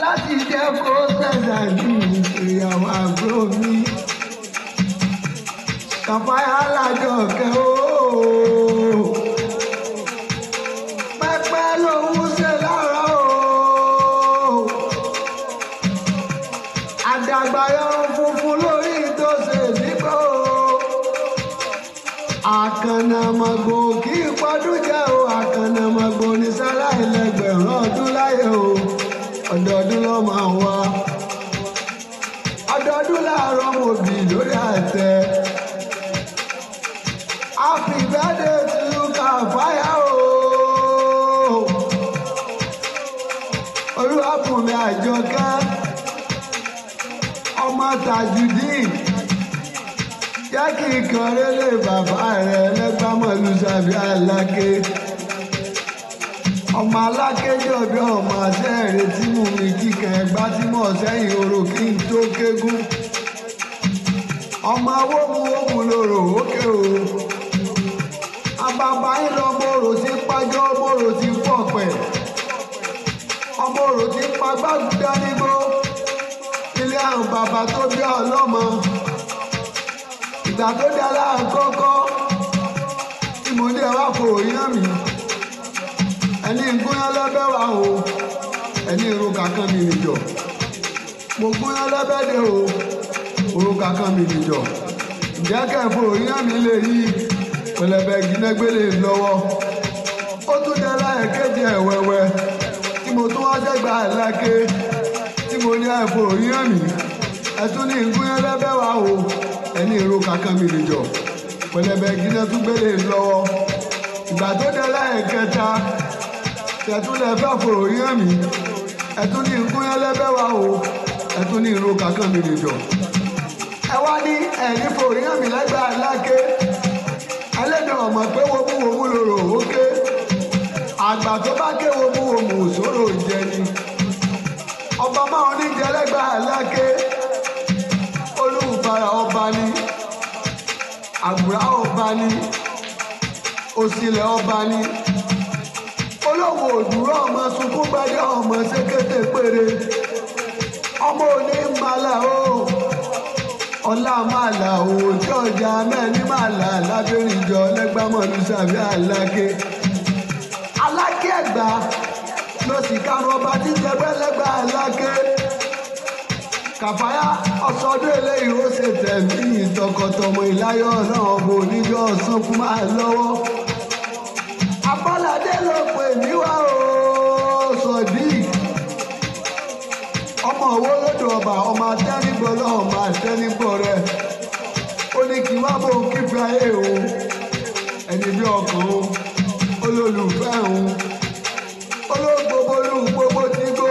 láti jẹ́ kó tẹ̀lé ju ìyàwó mi. Kàfáyà lájọ kẹ́ ó. Pẹ́pẹ́ lòún ṣe lára o. Àdàgbà yọrùn funfun lórí tó ṣe bíbọ̀ o. Àkànnàmọ̀gbò kì í pọ́dún jẹ́ o. Àkànnàmọ̀gbò ní sáláì lẹ́gbẹ̀ẹ́ ọmọ wa ọdọọdún láàárọ̀ mo bì lórí àtẹ happy birthday to Kafaya o Olúwabùnmi Àjọkẹ́ ọmọ Tajudeen jẹ́ kí ìkànnì lè bàbá rẹ̀ lẹ́gbàmọ̀lú sàbí aláké ọmọ alákéjì ọbẹ ọmọ ọsẹ rẹ tí mò ń kíkẹ ẹgbá tí mò ń sẹyìn oró kí n tó kégún ọmọ awóhun ohun lòrò òkè o àbàbà ìlọ mòrò ti pàjọ mòrò ti pọpẹ ọmọrò ti pàgbàgùdá nígbó ilé àwọn bàbá tó bí ọlọmọ ìgbà tó dára kọ́kọ́ tí mo ní ẹ wá fòrò yán mi. ẹni gbóná lẹ́bẹ̀ wá o ẹni ìrúkà mi nìjọ mo gbóná lẹ́bẹ̀ dé o òrùka kan mi nìjọ ǹjẹ́ kẹ́ẹ̀fọ́ òyìnbó mi lè yí pẹlẹbẹ gínégbélé lọwọ. ó tún jẹ láyé kéde ẹwẹwẹ, tí mo tún wá jẹ́gbà ẹ̀lẹ́kẹ́ tí mo ní mi ní o ẹni mi pẹlẹbẹ ìgbà tó láyé kẹta. ẹ̀tún lẹ fẹ́ fòrò yé mi ẹ̀tún ní nkúnyẹ́ lẹ́fẹ́ wa o ní irun kankan mi lè ẹ wá ní ẹ̀yìn fòrò yé mi lẹ́gbẹ̀ẹ́ aláké ẹlẹ́dẹ̀ ọ̀mọ̀ pé wo mú lòrò ọba máa ń níjẹ aláké olùfara ọba ni olówó òdúró ọmọ sunkún gbájá ọmọ ṣékété péré ọmọ òní mbala o ọlá màlà òòjọ́ ọjà mẹ́rin màlà lábẹ́rìnjọ lẹ́gbàmọ́lù sàbí àlàkè alákè ẹ̀gbá ló sì karùn ọba jíjẹgbẹ́ lẹ́gbà àlàkè kàfáyà ọ̀sọ́dún eléyìí ó ṣe tẹ̀mí ìtọkọtọmọ ìláyọ̀ náà ọmọ oníjọ́ ọ̀sán fún máa lọ́wọ́ abọ́ládé lọ èmi wá o sọ̀dí ọmọ òwò lọ́dọ̀ ọba ọmọ àtẹnigbọ lọ́wọ́ ọmọ àtẹnigbọ rẹ ó ní kí wá bò ń kíkọ ayé o ẹni bí ọkàn o olólùfẹ́ o olóògbòbò olùgbòbò tí gbó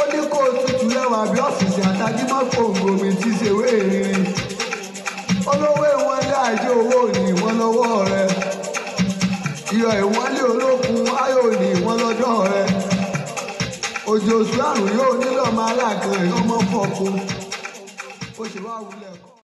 ó ní kó o tutù lẹ́wà bí ọ̀sìsì àtàdímọ́ kòǹgò mi ti ṣèwé ìrìn olówó ìwọ̀n dáàjẹ́ owó òní ìwọ̀n lọ́wọ́ rẹ ìyọ̀ ìwọ́lé olókun ayò ní ìwọ́n lọ́jọ́ rẹ òjò sùn àrùn yóò nílò máa láàkàn ọmọ fọ̀kun ó sì wá wulẹ̀ kọ́.